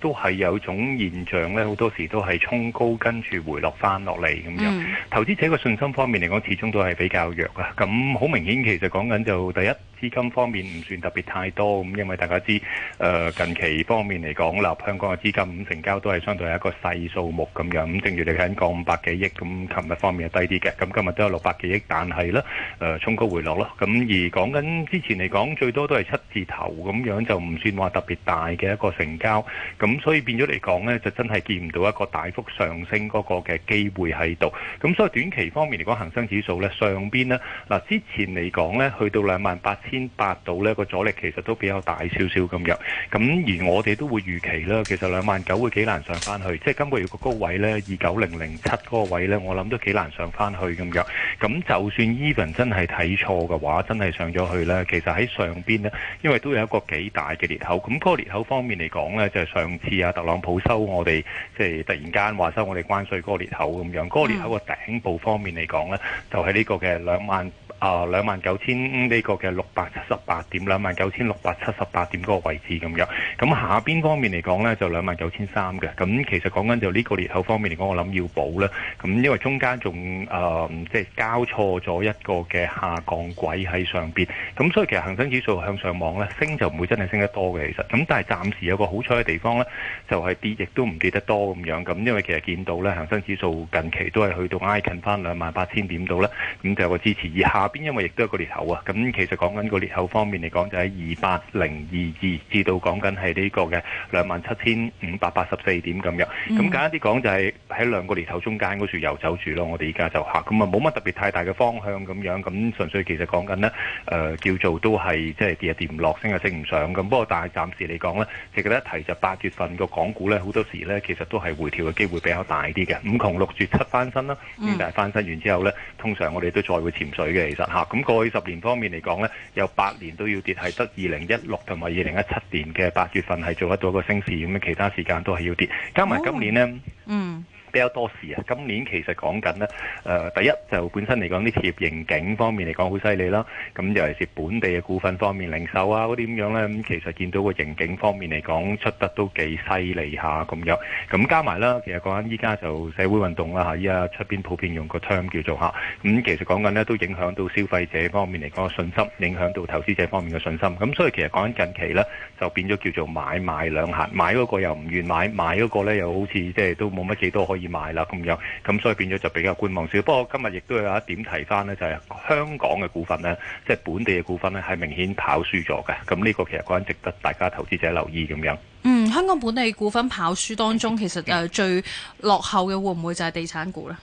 都係有種現象咧，好多時都係衝高跟住回落翻落嚟咁樣。投資者個信心方面嚟講，始終都係比較弱噶。咁好明顯，其實講緊就第一資金方面唔算特別太多咁，因為大家知誒，近期方面嚟講，立香港嘅資金成交都係相對係一個細數目咁樣。咁正如你講，五百幾億咁，琴日方面係低啲嘅，咁今日都有六百幾億，但係咧誒，衝高回落咯。咁而講緊之前嚟講，最多都係七字頭咁樣，就唔算話特別大嘅一個成交咁。咁所以變咗嚟講呢，就真係見唔到一個大幅上升嗰個嘅機會喺度。咁所以短期方面嚟講，恆生指數呢上邊呢嗱，之前嚟講呢，去到兩萬八千八度呢，個阻力其實都比較大少少咁樣。咁而我哋都會預期啦，其實兩萬九會幾難上翻去。即係今個月個高位呢，二九零零七嗰個位呢，我諗都幾難上翻去咁樣。咁就算 Even 真係睇錯嘅話，真係上咗去呢，其實喺上邊呢，因為都有一個幾大嘅裂口。咁嗰個裂口方面嚟講呢，就係上。特朗普收我哋，即係突然間話收我哋關稅嗰個裂口咁樣，嗰、嗰個裂口個頂部方面嚟講咧，就喺、係、呢個嘅兩萬。啊，兩萬九千呢個嘅六百七十八點，兩萬九千六百七十八點嗰個位置咁樣。咁下邊方面嚟講呢，就兩萬九千三嘅。咁其實講緊就呢個裂口方面嚟講，我諗要補啦。咁因為中間仲誒即係交錯咗一個嘅下降軌喺上邊。咁所以其實恒生指數向上望呢，升就唔會真係升得多嘅。其實咁，那但係暫時有個好彩嘅地方呢，就係、是、跌亦都唔跌得多咁樣。咁因為其實見到呢，恒生指數近期都係去到挨近翻兩萬八千點度啦。咁就有個支持以下。邊因為亦都有一個裂口啊，咁其實講緊個裂口方面嚟講，嗯、就喺二百零二二至到講緊係呢個嘅兩萬七千五百八十四點咁樣。咁簡單啲講，就係喺兩個裂口中間嗰處遊走住咯。我哋而家就嚇咁啊，冇乜特別太大嘅方向咁樣。咁純粹其實講緊呢，誒、呃、叫做都係即係跌又跌唔落，升又升唔上咁。不過但係暫時嚟講呢，呢，呢，其實值得一提就八月份個港股呢，好多時呢其實都係回調嘅機會比較大啲嘅。五窮六絕七翻身啦，但係翻身完之後呢，通常我哋都再會潛水嘅。嚇，咁過去十年方面嚟講呢，有八年都要跌，係得二零一六同埋二零一七年嘅八月份係做得到一個升市，咁其他時間都係要跌，加埋今年呢。哦、嗯。比較多事啊！今年其實講緊呢，誒、呃、第一就本身嚟講啲企業盈警方面嚟講好犀利啦。咁尤其是本地嘅股份方面，零售啊嗰啲咁樣呢，咁其實見到個盈警方面嚟講出得都幾犀利下咁樣。咁加埋啦，其實講緊依家就社會運動啦嚇，依家出邊普遍用個 term 叫做嚇。咁其實講緊呢，都影響到消費者方面嚟講嘅信心，影響到投資者方面嘅信心。咁所以其實講緊近期呢，就變咗叫做買賣兩行，買嗰個又唔願買，買嗰個咧又好似即係都冇乜幾多可以。易買啦，咁樣，咁所以變咗就比較觀望少。不過今日亦都有一點提翻呢，就係香港嘅股份呢，即係本地嘅股份呢，係明顯跑輸咗嘅。咁呢個其實關值得大家投資者留意咁樣。嗯，香港本地股份跑輸當中，其實誒最落後嘅會唔會就係地產股呢？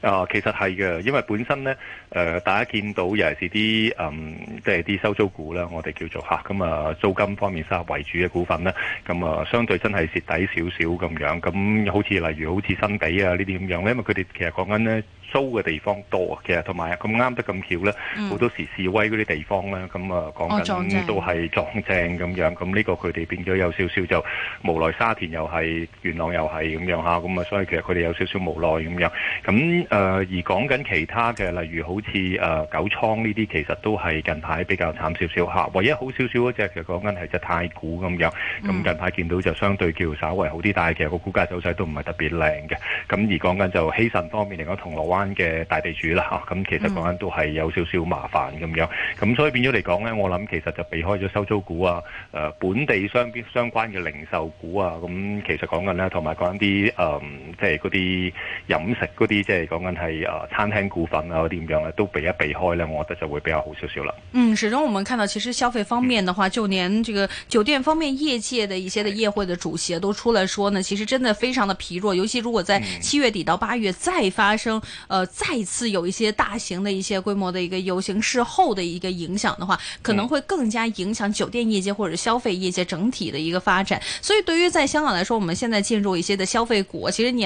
啊，其實係嘅，因為本身咧，誒、呃，大家見到尤其是啲嗯，即係啲收租股啦，我哋叫做嚇咁啊，啊，租金方面收入為主嘅股份呢，咁啊，啊，相對真係蝕底少少咁樣。咁、啊、好似例如好似新地啊呢啲咁樣，因為佢哋其實講緊咧。租嘅地方多，其實同埋咁啱得咁巧咧，好多時示威嗰啲地方咧，咁啊講緊都係撞正咁、嗯、樣，咁呢個佢哋變咗有少少就無奈，沙田又係元朗又係咁樣嚇，咁啊所以其實佢哋有少少無奈咁樣。咁誒、呃、而講緊其他嘅，例如好似誒、呃、九倉呢啲，其實都係近排比較慘少少嚇。唯一好少少嗰隻，其實講緊係隻太古咁樣，咁、嗯、近排見到就相對叫稍為好啲，但係其實個股價走勢都唔係特別靚嘅。咁而講緊就希慎方面嚟講，銅鑼灣關嘅大地主啦嚇，咁其實講緊都係有少少麻煩咁樣。咁所以變咗嚟講咧，我諗其實就避開咗收租股啊，誒、呃，本地相邊相關嘅零售股啊，咁其實講緊咧，同埋講緊啲誒。呃即係嗰啲飲食嗰啲，即係講緊係誒餐廳股份啊嗰啲咁樣咧，都避一避開咧，我覺得就會比較好少少啦。嗯，始終我們看到其實消費方面的話，嗯，就連這個酒店方面業界的一些的業會的主席都出來說呢，其實真的非常的疲弱。尤其如果在七月底到八月再發生，嗯，呃，再次有一些大型的一些規模的一個遊行事後的一個影響的話，可能會更加影響酒店業界或者消費業界整體的一個發展。嗯，所以對於在香港來說，我們現在進入一些的消費股，其實你。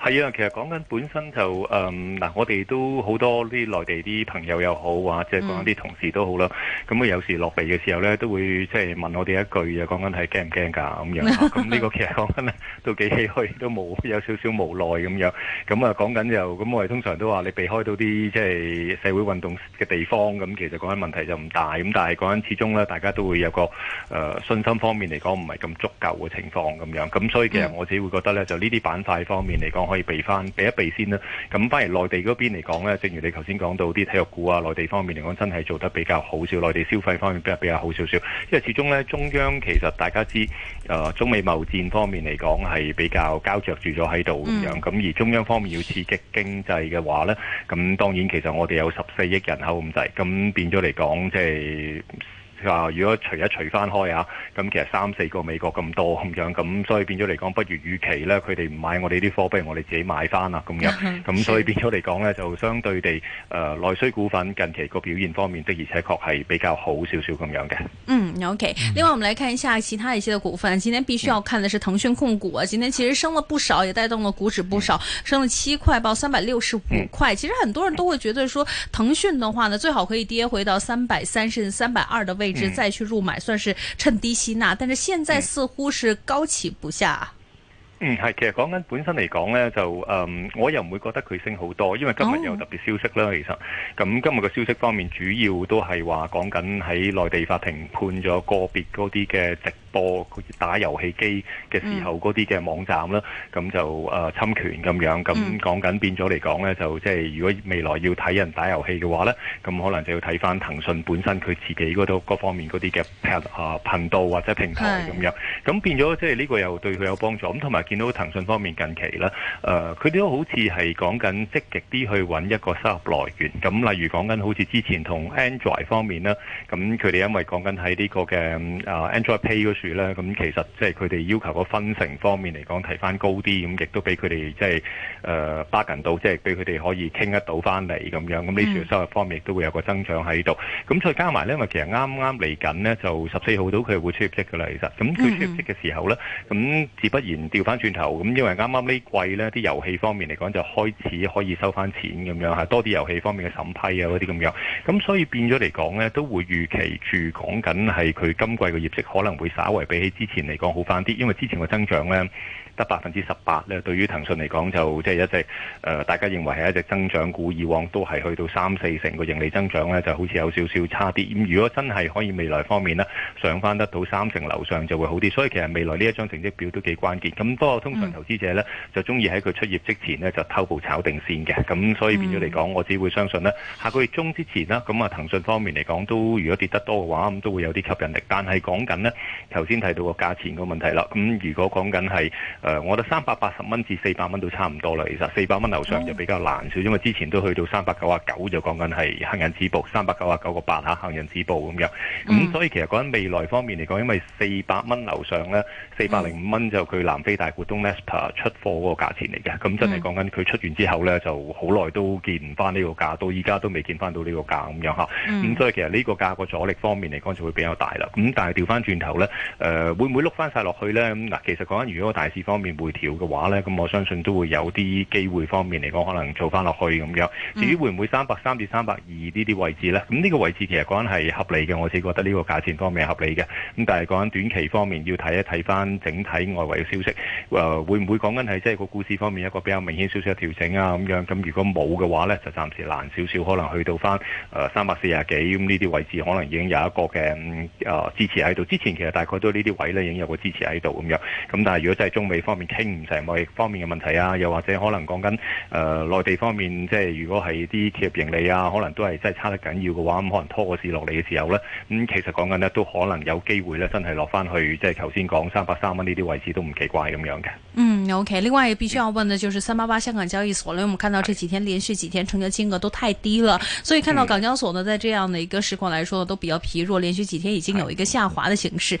係啊，其實講緊本身就誒嗱，我哋都好多啲內地啲朋友又好啊，即係講緊啲同事都好啦。咁啊，有時落嚟嘅時候咧，都會即係問我哋一句啊，講緊係驚唔驚㗎咁樣。咁呢個其實講緊咧都幾唏噓，都冇有少少無奈咁樣。咁啊講緊就咁，我哋通常都話你避開到啲即係社會運動嘅地方，咁其實講緊問題就唔大。咁但係講緊始終咧，大家都會有個誒信心方面嚟講，唔係咁足夠嘅情況咁樣。咁所以其實我自己會覺得咧，就呢啲板塊方面嚟講。可以避翻，避一避先啦。咁反而內地嗰邊嚟講呢，正如你頭先講到啲體育股啊，內地方面嚟講真係做得比較好少，內地消費方面比較比較好少少。因為始終呢，中央其實大家知，誒、呃、中美貿戰方面嚟講係比較膠着住咗喺度咁樣。咁而中央方面要刺激經濟嘅話呢，咁當然其實我哋有十四億人口咁滯。咁變咗嚟講即係。話如，如果除一除翻開啊，咁其實三四個美國咁多咁樣，咁所以變咗嚟講，不如預期呢，佢哋唔買我哋啲貨，不如我哋自己買翻喇咁樣，咁所以變咗嚟講呢，就相對地誒內需股份近期個表現方面的而且確係比較好少少咁樣嘅。嗯，OK。另外，我們來看一下其他一些嘅股份。今天必須要看的是騰訊控股，啊。今天其實升了不少，也帶動了股指不少，升了七塊，報三百六十五塊。其實很多人都會覺得說，騰訊的話呢，最好可以跌回到三百三甚至三百二的位置。一直、嗯、再去入買，算是趁低吸納，但是現在似乎是高企不下。嗯，係，其實講緊本身嚟講咧，就嗯，我又唔會覺得佢升好多，因為今日有特別消息啦、哦。其實，咁今日嘅消息方面，主要都係話講緊喺內地法庭判咗個別嗰啲嘅值。播打遊戲機嘅時候嗰啲嘅網站啦，咁、嗯、就誒、啊、侵權咁樣，咁講緊變咗嚟講咧，就即係如果未來要睇人打遊戲嘅話咧，咁可能就要睇翻騰訊本身佢自己嗰度各方面嗰啲嘅頻啊頻道或者平台咁樣，咁變咗即係呢個又對佢有幫助。咁同埋見到騰訊方面近期咧，誒、啊、佢哋都好似係講緊積極啲去揾一個收入來源，咁例如講緊好似之前同 Android 方面啦，咁佢哋因為講緊喺呢個嘅啊 Android Pay 住咧，咁其實即係佢哋要求個分成方面嚟講提翻高啲，咁亦都俾佢哋即係誒 b a 到，即係俾佢哋可以傾得到翻嚟咁樣。咁呢處嘅收入方面亦都會有個增長喺度。咁再加埋咧、嗯，因為其實啱啱嚟緊呢，就十四號到佢會出業績噶啦，其實咁佢出業嘅時候咧，咁自不然調翻轉頭，咁因為啱啱呢季咧，啲遊戲方面嚟講就開始可以收翻錢咁樣嚇，多啲遊戲方面嘅審批啊嗰啲咁樣，咁所以變咗嚟講咧都會預期住講緊係佢今季嘅業績可能會稍為比起之前嚟講好翻啲，因為之前個增長咧得百分之十八咧，對於騰訊嚟講就即係一隻誒、呃、大家認為係一隻增長股，以往都係去到三四成個盈利增長咧，就好似有少少差啲。咁如果真係可以未來方面咧上翻得到三成樓上，就會好啲。所以其實未來呢一張成績表都幾關鍵咁不過通常投資者咧就中意喺佢出業績之前咧就偷步炒定先嘅。咁所以變咗嚟講我只會相信咧下個月中之前啦，咁啊騰訊方面嚟講都如果跌得多嘅話，咁都會有啲吸引力。但係講緊咧。頭先提到個價錢個問題啦，咁如果講緊係誒，我覺得三百八十蚊至四百蚊都差唔多啦。其實四百蚊樓上就比較難少、嗯，因為之前都去到三百九啊九就講緊係行人止步，三百九啊九個八嚇行人止步咁樣。咁所以其實講緊未來方面嚟講，因為四百蚊樓上咧，四百零五蚊就佢南非大股東 Naspers 出貨嗰個價錢嚟嘅，咁真係講緊佢出完之後咧，就好耐都見唔翻呢個價，到依家都未見翻到呢個價咁樣嚇。咁、嗯嗯、所以其實呢個價個阻力方面嚟講就會比較大啦。咁但係調翻轉頭咧。誒、呃、會唔會碌翻晒落去呢？咁嗱，其實講緊如果大市方面回調嘅話呢，咁我相信都會有啲機會方面嚟講，可能做翻落去咁樣。至於會唔會三百三至三百二呢啲位置呢？咁呢個位置其實講緊係合理嘅，我自己覺得呢個價錢方面係合理嘅。咁但係講緊短期方面要睇一睇翻整體外圍嘅消息。誒、呃、會唔會講緊係即係個股市方面一個比較明顯少少嘅調整啊？咁樣咁如果冇嘅話呢，就暫時難少少，可能去到翻誒三百四廿幾咁呢啲位置，可能已經有一個嘅誒、呃、支持喺度。之前其實大概。對呢啲位呢，已經有個支持喺度咁樣。咁但係如果真係中美方面傾唔成，貿易方面嘅問題啊，又或者可能講緊誒、呃、內地方面，即係如果係啲企業盈利啊，可能都係真係差得緊要嘅話，咁可能拖個市落嚟嘅時候呢。咁、嗯、其實講緊呢，都可能有機會呢，真係落翻去即係頭先講三百三蚊呢啲位置都唔奇怪咁樣嘅。嗯，OK。另外必須要問嘅就是三八八香港交易所呢。我們看到這幾天連續幾天成交金額都太低了，所以看到港交所呢，在這樣的一個市況來說都比較疲弱，連續幾天已經有一個下滑嘅形勢。嗯嗯嗯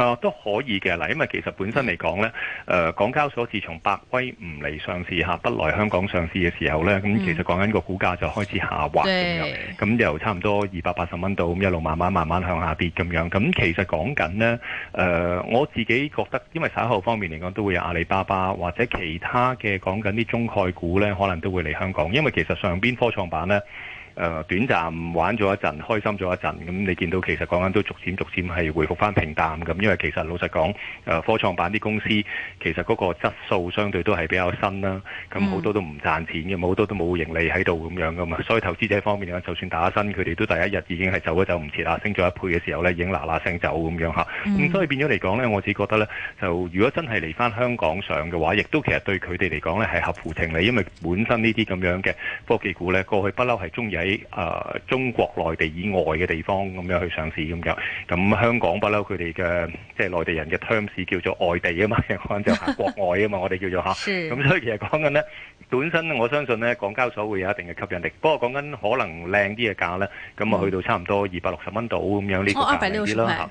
啊都可以嘅，嗱，因為其實本身嚟講呢，誒、呃，港交所自從百威唔嚟上市嚇，不來香港上市嘅時候呢，咁、嗯嗯、其實講緊個股價就開始下滑咁咁由差唔多二百八十蚊到，咁一路慢慢慢慢向下跌咁樣。咁、嗯、其實講緊呢，誒、呃，我自己覺得，因為稍後方面嚟講都會有阿里巴巴或者其他嘅講緊啲中概股呢，可能都會嚟香港，因為其實上邊科創板呢。誒、短暫玩咗一陣，開心咗一陣，咁你見到其實講緊都逐漸逐漸係回復翻平淡咁，因為其實老實講，誒、科創板啲公司其實嗰個質素相對都係比較新啦，咁好多都唔賺錢嘅，冇好多都冇盈利喺度咁樣噶嘛，所以投資者方面嘅就算打新，佢哋都第一日已經係走一走唔切喇，升咗一倍嘅時候咧，已經嗱嗱聲走咁樣吓。咁所以變咗嚟講咧，我只覺得咧，就如果真係嚟翻香港上嘅話，亦都其實對佢哋嚟講咧係合乎情理，因為本身呢啲咁樣嘅科技股咧，過去不嬲係中意喺喺、呃、中國內地以外嘅地方咁樣去上市咁，就咁香港不嬲佢哋嘅即係內地人嘅 terms 叫做外地啊嘛，講就係、是、國外啊嘛， 我哋叫做嚇。咁所以其實講緊呢，本身我相信呢港交所會有一定嘅吸引力。不過講緊可能靚啲嘅價呢，咁、嗯、啊去到差唔多二百六十蚊度咁樣呢個價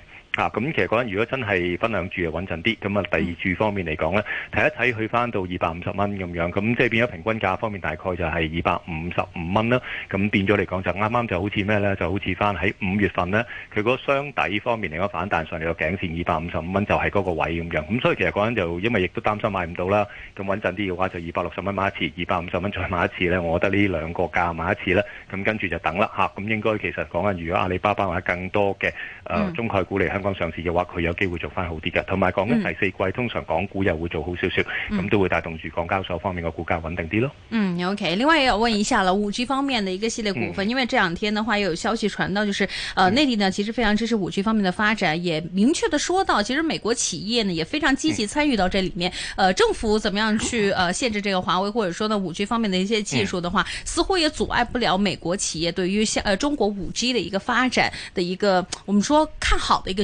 咁、啊、其實講緊，如果真係分兩注係穩陣啲，咁啊第二注方面嚟講呢，睇一睇去翻到二百五十蚊咁樣，咁即係變咗平均價方面大概就係二百五十五蚊啦。咁變咗嚟講就啱啱就好似咩呢？就好似翻喺五月份呢，佢嗰箱底方面嚟講反彈上嚟個頸線二百五十五蚊就係嗰個位咁樣。咁所以其實講緊就因為亦都擔心買唔到啦，咁穩陣啲嘅話就二百六十蚊買一次，二百五十蚊再買一次呢。我覺得呢兩個價買一次呢，咁跟住就等啦嚇。咁、啊、應該其實講緊，如果阿里巴巴或者更多嘅誒、啊、中概股嚟香港。上市嘅話，佢有機會做翻好啲嘅。同埋講緊第四季、嗯，通常港股又會做好少少，咁、嗯、都會帶動住港交所方面嘅股價穩定啲咯。嗯，OK。另外又要問一下啦，五 G 方面嘅一個系列股份，嗯、因為這兩天嘅話又有消息傳到，就是呃、嗯、內地呢其實非常支持五 G 方面嘅發展，也明確的說到，其實美國企業呢也非常積極參與到這裏面、嗯。呃，政府怎麼樣去呃限制這個華為，或者說呢五 G 方面的一些技術的話、嗯，似乎也阻礙不了美國企業對於像呃中國五 G 嘅一個發展嘅一個，我們說看好的一個。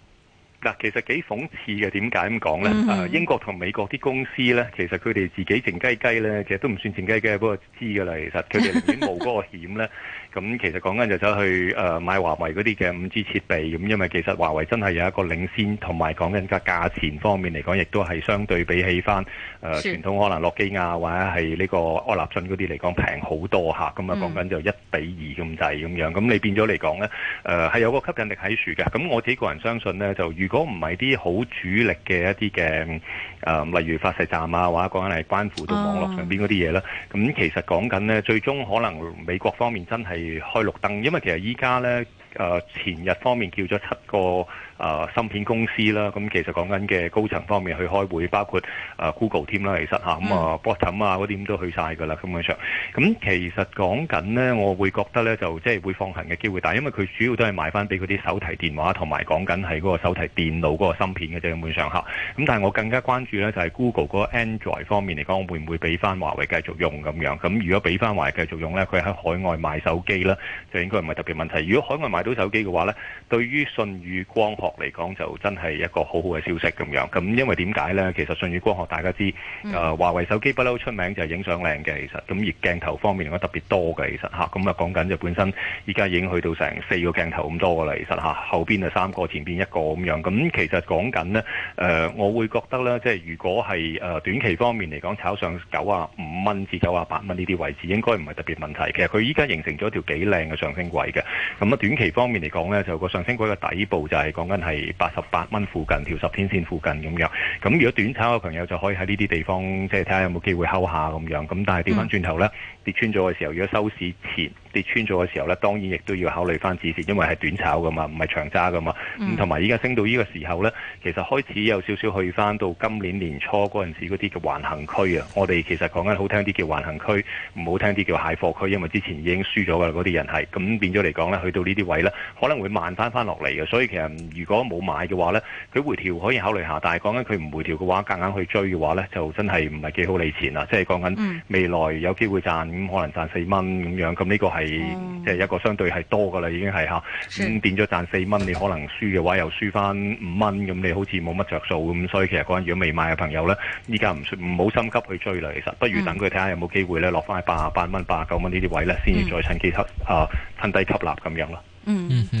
嗱，其實幾諷刺嘅，點解咁講呢？mm -hmm. 啊，英國同美國啲公司呢，其實佢哋自己靜雞雞呢，其實都唔算靜雞雞，不過知噶啦，其實佢哋寧願冇嗰個險呢。咁其實講緊就走去誒買華為嗰啲嘅五 G 設備，咁因為其實華為真係有一個領先，同埋講緊個價錢方面嚟講，亦都係相對比起翻誒、呃、傳統可能諾基亞或者係呢個愛立信嗰啲嚟講平好多嚇。咁啊，講緊就一比二咁滯咁樣，咁你變咗嚟講呢，誒、呃、係有個吸引力喺處嘅。咁我自己個人相信呢，就預。如果唔係啲好主力嘅一啲嘅誒，例如發射站啊，或者講緊係關乎到網絡上邊嗰啲嘢啦，咁、oh. 其實講緊呢，最終可能美國方面真係開綠燈，因為其實依家呢，誒、呃、前日方面叫咗七個。啊，芯片公司啦，咁、啊、其實講緊嘅高層方面去開會，包括啊 Google 添啦，其實嚇咁啊，Bosch、嗯、啊嗰啲、啊、都去晒㗎啦，根本上。咁、啊、其實講緊呢，我會覺得呢，就即係、就是、會放行嘅機會大，因為佢主要都係賣翻俾嗰啲手提電話同埋講緊係嗰個手提電腦嗰個芯片嘅啫，根本上吓，咁、啊、但係我更加關注呢，就係、是、Google 嗰個 Android 方面嚟講，我會唔會俾翻華為繼續用咁樣？咁、啊、如果俾翻華為繼續用呢，佢喺海外賣手機啦，就應該唔係特別問題。如果海外買到手機嘅話呢，對於舜宇光學，嚟講就真係一個好好嘅消息咁樣，咁因為點解呢？其實信譽光學大家知，誒、啊、華為手機不嬲出名就係、是、影相靚嘅，其實咁而鏡頭方面咧特別多嘅，其實吓，咁啊講緊就本身而家已經去到成四個鏡頭咁多嘅啦，其實吓、啊，後邊啊三個前邊一個咁樣，咁其實講緊呢，誒、呃嗯，我會覺得呢，即係如果係誒短期方面嚟講，炒上九啊五蚊至九啊八蚊呢啲位置應該唔係特別問題。其實佢依家形成咗條幾靚嘅上升軌嘅，咁啊短期方面嚟講呢，就個上升軌嘅底部就係講緊，係八十八蚊附近，條十天線附近咁樣。咁如果短炒嘅朋友就可以喺呢啲地方，即係睇下有冇機會睺下咁樣。咁但係調翻轉頭咧。嗯跌穿咗嘅時候，如果收市前跌穿咗嘅時候呢，當然亦都要考慮翻止蝕，因為係短炒噶嘛，唔係長揸噶嘛。同埋依家升到呢個時候呢，其實開始有少少去翻到今年年初嗰陣時嗰啲嘅橫行區啊，我哋其實講緊好聽啲叫橫行區，唔好聽啲叫，叫蟹貨區，因為之前已經輸咗噶啦，嗰啲人係咁變咗嚟講呢，去到呢啲位呢，可能會慢翻翻落嚟嘅。所以其實如果冇買嘅話呢，佢回調可以考慮下，但係講緊佢唔回調嘅話，夾硬，硬去追嘅話呢，就真係唔係幾好理錢啊！即係講緊未來有機會賺。咁、嗯、可能賺四蚊咁樣，咁呢個係即係一個相對係多噶啦，已經係吓，咁、啊、變咗、嗯、賺四蚊，你可能輸嘅話又輸翻五蚊，咁你好似冇乜着數咁。所以其實嗰陣如果未買嘅朋友呢，依家唔唔好心急去追啦。其實不如等佢睇下有冇機會呢落翻去八十八蚊、八九蚊呢啲位呢先至再趁機吸啊，趁低吸納咁樣咯。嗯。呃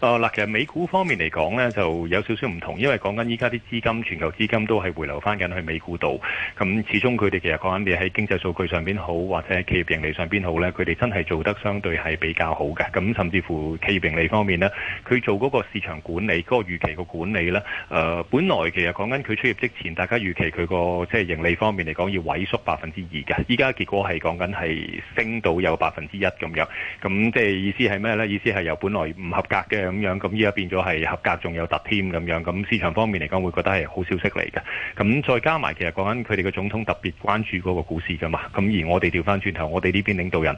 哦，嗱，其實美股方面嚟講呢，就有少少唔同，因為講緊依家啲資金，全球資金都係回流返緊去美股度。咁始終佢哋其實講緊你喺經濟數據上邊好，或者喺企業盈利上邊好呢，佢哋真係做得相對係比較好嘅。咁甚至乎企業盈利方面呢，佢做嗰個市場管理、嗰、嗰個預期個管理呢，誒、呃，本來其實講緊佢出業績前，大家預期佢個即係盈利方面嚟講要萎縮百分之二嘅，依家結果係講緊係升到有百分之一咁樣。咁即係意思係咩呢？意思係由本來唔合格嘅。咁樣，咁依家變咗係合格，仲有突添咁樣，咁市場方面嚟講會覺得係好消息嚟嘅。咁再加埋其實講緊佢哋嘅總統特別關注嗰個股市噶嘛。咁而我哋調翻轉頭，我哋呢邊領導人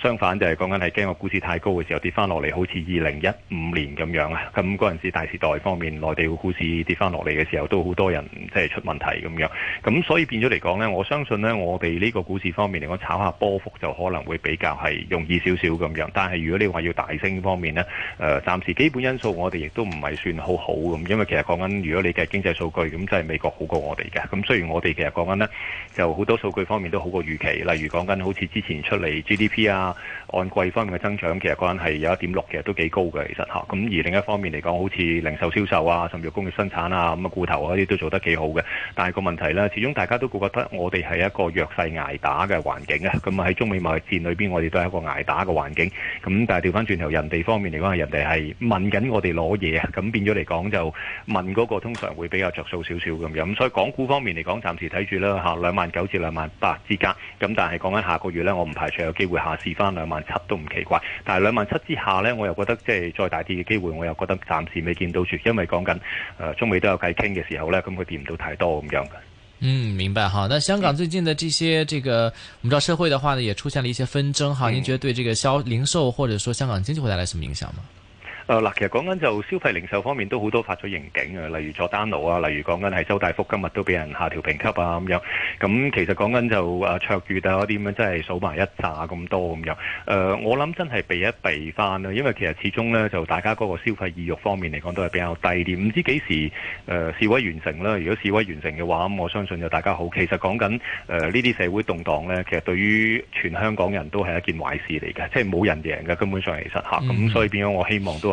相反就係講緊係驚個股市太高嘅時候跌翻落嚟，好似二零一五年咁樣啊。咁嗰陣時大時代方面內地嘅股市跌翻落嚟嘅時候，都好多人即係、就是、出問題咁樣，咁所以變咗嚟講咧，我相信咧我哋呢個股市方面嚟講炒下波幅就可能會比較係容易少少咁樣，但係如果你話要大升方面咧，誒、呃、暫時。基本因素我哋亦都唔係算好好咁，因為其實講緊如果你嘅經濟數據咁，真係美國好過我哋嘅。咁雖然我哋其實講緊呢，就好多數據方面都好過預期，例如講緊好似之前出嚟 GDP 啊，按季方面嘅增長，其實講緊係有一點六其實，都幾高嘅其實嚇。咁而另一方面嚟講，好似零售銷售啊，甚至工業生產啊，咁啊固投嗰啲都做得幾好嘅。但係個問題呢，始終大家都覺得我哋係一個弱勢捱打嘅環境啊。咁啊喺中美貿易戰裏邊，我哋都係一個捱打嘅環境。咁但係調翻轉頭，人哋方面嚟講，係人哋係。問緊我哋攞嘢啊，咁變咗嚟講就問嗰個通常會比較着數少少咁樣。咁所以港股方面嚟講，暫時睇住啦嚇，兩萬九至兩萬八之間。咁但係講緊下個月呢，我唔排除有機會下試返兩萬七都唔奇怪。但係兩萬七之下呢，我又覺得即係再大啲嘅機會，我又覺得暫時未見到住，因為講緊誒、呃、中美都有偈傾嘅時候呢，咁佢跌唔到太多咁樣嘅。嗯，明白哈。那香港最近的這些這個，我、嗯、們知道社會的話呢，也出現了一些紛爭哈。您、嗯、覺得對這個消零售，或者說香港經濟會帶來什麼影響嗎？誒嗱，其實講緊就消費零售方面都好多發咗盈警啊，例如佐丹奴啊，例如講緊係周大福今日都俾人下調評級啊咁樣。咁其實講緊就誒卓越啊嗰啲咁樣，真係數埋一紮咁多咁樣、呃。我諗真係避一避翻啦，因為其實始終呢，就大家嗰個消費意欲方面嚟講都係比較低啲，唔知幾時誒、呃、示威完成啦。如果示威完成嘅話，咁我相信就大家好。其實講緊誒呢啲社會動盪呢，其實對於全香港人都係一件壞事嚟嘅，即係冇人贏嘅，根本上其實嚇。咁、嗯、所以變咗我希望都。